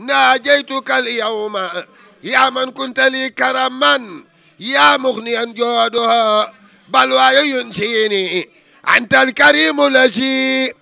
ناجيتك اليوم يا من كنت لي كرما يا مغنيا جودها بل وينجيني أنت الكريم الذي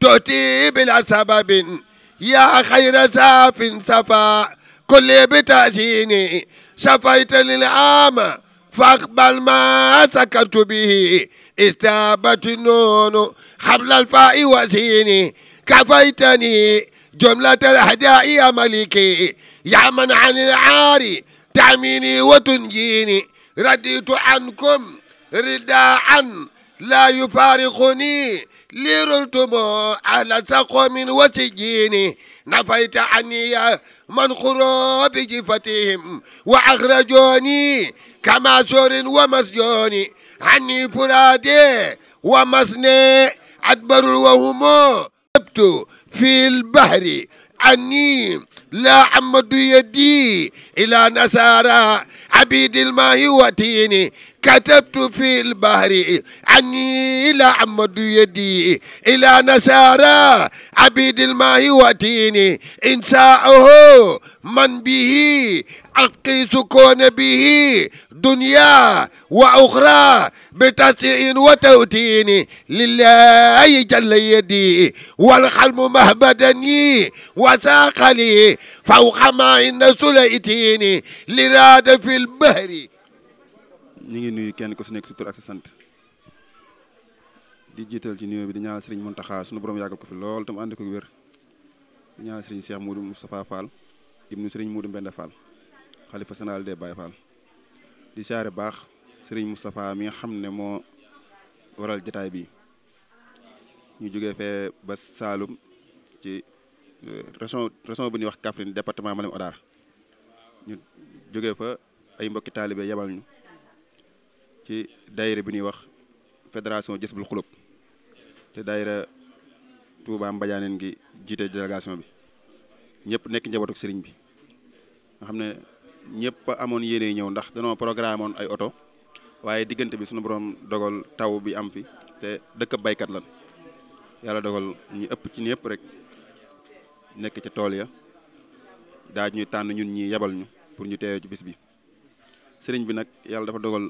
تؤتي بلا سبب يا خير ساف سفا كل بتأجيني شفيت للعام فاقبل ما سكرت به استابت النون حبل الفاء وزيني كفيتني جملة الأحداء ملكي يا من عن العار تعميني وتنجيني رديت عنكم رداء لا يفارقني لرلتم على سقم وسجيني نفيت عني من خروب جفتهم وأخرجوني كما سور ومسجوني عني فرادي ومسني أدبر وهم تبتو في البحر عني لا أمد يدي إلى نسارى عبيد الماء وتيني كتبت في البحر عني لا أمد يدي إلى نسارى عبيد الماء وتيني ساءه من به أقي سكون به دنيا وأخرى بتسعين وتوتين لله جل يدي والحلم مهبدني وساق لي فوق ما إن سليتين لراد في البهر ñu ngi nuyu kenn ku si nekk si tur ak sa sant di jiital ci nuyoo bi di ñaanal Serigne Mountakha sunu borom yàggal ko fi lool tam ànd ko wér di ñaanal Serigne Cheikh Moudou Moustapha Fall ibnu Serigne Moudou Mbende Fall xalifa général des Baye Fall di siyaare baax sëriñ Moustapha mi nga xam ne moo waral jataay bi ñu jóge fee ba Saalum ci euh, région région bu ñuy wax Kaffrine département Malem Odar ñu jóge fa ay mbokki taalibe yebal ñu ci daayira bi ñuy wax fédération Jësbul Xulub te daayira Touba Mbadianeen gi jiite délégation bi ñëpp nekk njabootu sëriñ bi nga xam ne ñëpp amoon yéene ñëw ndax danoo programme oon ay oto waaye diggante bi suñu borom dogal taw bi am fi te dëkk baykat lan yàlla dogal ñu ëpp ci yëpp rek nekk ca tool ya daa ñu tànn ñun ñi yebal ñu pour ñu teewee ci bis bi sëriñ bi nag yàlla dafa dogal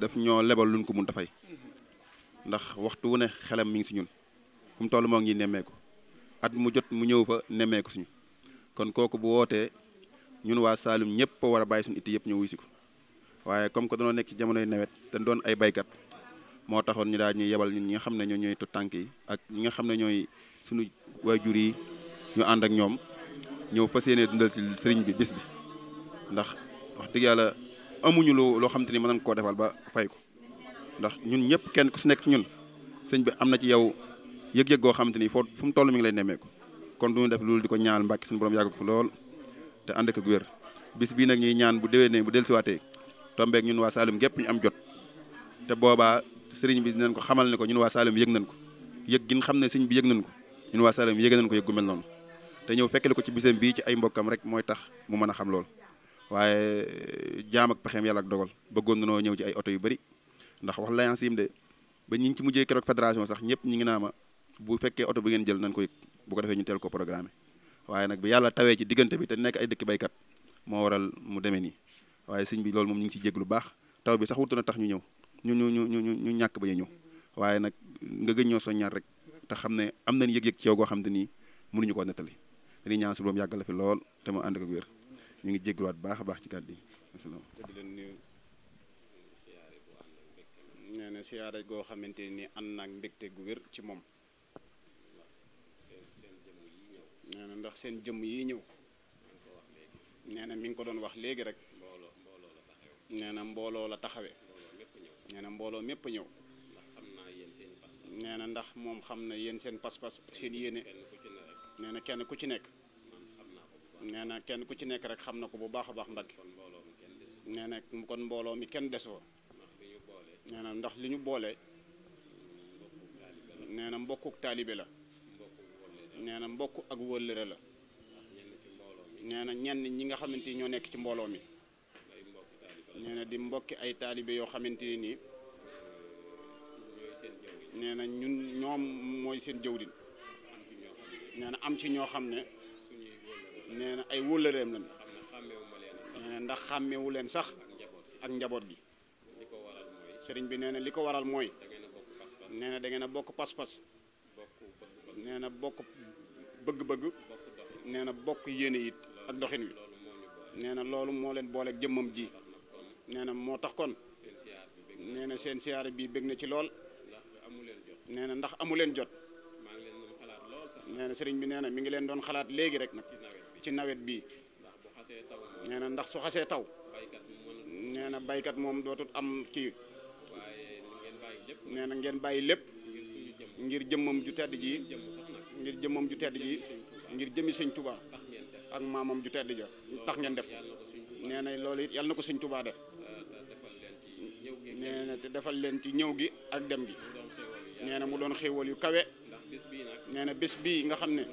daf ñoo lebal luñ ko mun dafay ndax waxtu wu ne xelam mi ngi si ñun fu mu toll moo ngi nemmeeku at mu jot mu ñëw fa nemmeeku suñu kon kooku bu wootee ñun waa Saalum ñëpp war a bàyyi suñu itti yëpp ñu wuy ko waaye comme que danoo nekk ci jamonoy nawet te doon ay baykat moo taxoon ñu daal ñuy yebal ñun ñi nga xam ne ñoo ñooy tu yi ak ñi nga xam ne ñooy suñu waajur yi ñu ànd ak ñoom ñëw fas yéene dundal si sëriñ bi bis bi ndax wax dëgg yàlla amuñu lu loo xam te ni mën nañ koo defal ba fay ko ndax ñun ñëpp kenn ku si nekk ñun sëñ bi am na ci yow yëg-yëg goo xam te ni foo fu mu toll mi ngi lay nemmeeku kon du ñu def loolu di ko ñaanal mbàkk suñu borom yàgg ko lool te ànd ak ak wér bis bii nag ñuy ñaan bu déwénee bu dellusiwaatee tombeek ñun waa Saloum gépp ñu am jot te boobaa sëriñ bi dinañ ko xamal ne ko ñun waa Saloum yëg nañ ko yëg gin xam ne sëriñ bi yëg nañ ko ñun waa Saloum yëg nañ ko yëg gu mel noonu te ñëw fekkale ko ci bisam bii ci ay mbokkam rek mooy tax mu mën a xam lool waaye eh, jaam ak pexeem yàlla ak dogal bëggoon na noo ñëw ci ay oto yu bëri ndax wax la yim de ba ñi ngi ci mujjee keroog fédération sax ñëpp ñi ngi naa ma bu fekkee oto bi ngeen jël nañ ko bu ko defee ñu teel ko programme waye nak bi yalla tawé ci digënté bi té nek ay dëkk baykat mo waral mu démé ni waye sëñ bi loolu mom ñu ngi ci jéglu lu baax taw bi sax wutu na tax ñu ñëw ñu ñu ñu ñu ñu ñàkk ba ñu ñëw waye nak nga gëñ ñoo soññaat rek te xamné am nañ yëg-yëg ci yow go xam te nii mënuñu koo nettali dañuy ñaan su boom yàggal la fi lool té mo and ak wër ñu ngi jégluwaat baax a baax ci kàddu yi asalaam nee na siyaare goo xamante ni an nak mbekté gu wër ci mom ndax seen jëmm yi ñëw nee na mi ngi ko doon wax léegi rek nee na mbooloo la taxawee nee mbooloo mépp ñëw nee na ndax moom xam na yéen seen pas-pas ak seen yéene nee na kenn ku ci nekk nee na kenn ku ci nekk rek xam na ko bu baax a baax Mbàkke nee na kon mbooloo mi kenn des fa nee na ndax li ñu boole nee na mbokkuk taalibe la nee na mbokk ak Nenan la nee na ñenn ñi nga xamanteni ño ñoo nekk ci mbolo mi nee di mbokki ay talibé yo xamanteni ni nii ñun ñom moy seen am ci ño xamne ay wëllëreem lañ nee na ndax xàmmewu sax ak njaboot gi sëriñ bi nee na waral moy. nee da ngay na bokk pass pass bëgg-bëgg nee na bokk yéene it ak doxin wi nee na loolu moo leen booleeg jëmmam ji nee moo tax kon nee na seen siyaare bii bëgg na ci lool nee na ndax amu leen jot nee na sëriñ bi nee na mi ngi leen doon xalaat léegi rek nag ci nawet bi nee na ndax su xasee taw nee baykat moom dootul am kii nee na ngeen bàyyi lépp ngir jëmmam ju tedd ji ngir jëmmam ju tedd ji ngir jëmi sëñ Touba ak maamam ju tedd ja tax ngeen def nee na loolu it yàlla na ko sëñ Touba def nee te defal leen ci ñëw gi ak dem gi nee mu doon xéewal yu kawe nee na bés bii nga xam ne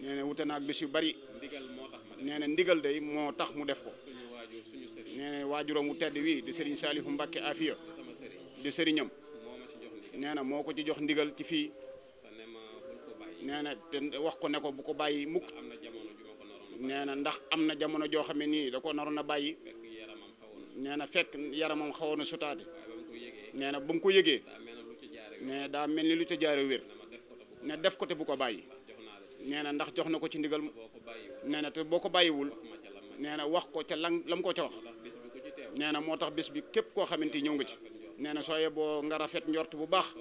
nee na wute naag bés yu bari nee ndigal day moo tax mu def ko nee waajuram mu tedd wii di sëriñ Saliou Mbacké Afia di sëriñam nee moo ko ci jox ndigal ci fii. nee te wax ko ne ko bu ko bàyyi mukk nee ndax am na jamono joo xam ne nii da ko naroon a bàyyi nee fekk yaramam xawoon a sutaate nee na ba mu ko yëgee nee daa mel ni lu ca jaare wér ne def ko te bu ko bàyyi nee ndax jox na ko ci ndigal nee na te boo ko bàyyiwul nee na wax ko ca lan lam ko ca wax nee na moo tax bés bi képp koo xamante ñëw nga ci nee na soo yeboo nga rafet njort bu baax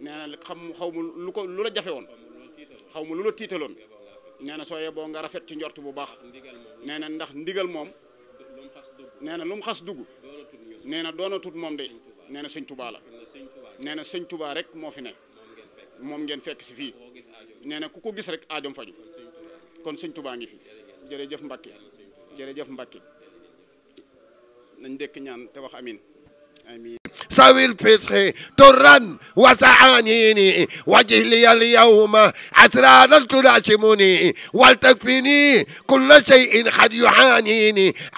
nee na xam xaw mu lu ko lu la jafe woon xaw ma lu la tiitaloon nee soo yeboo nga rafet ci njort bu baax nee ndax ndigal moom nee na lu xas dugg nee na doonatut moom de nee na sëñ tubaa la na sëñ tubaa rek moo fi ne moom ngeen fekk si fii nee na ku ko gis rek aajom faju kon sëñ tubaa ngi fi jërëjëf Mbacke jërëjëf Mbacke nañ ndëkk ñaan te wax amin amin ذوي الفسخ درا وسعانيني وجه لي اليوم عسرانا تلاشمني ولتكفيني كل شيء قد يعانيني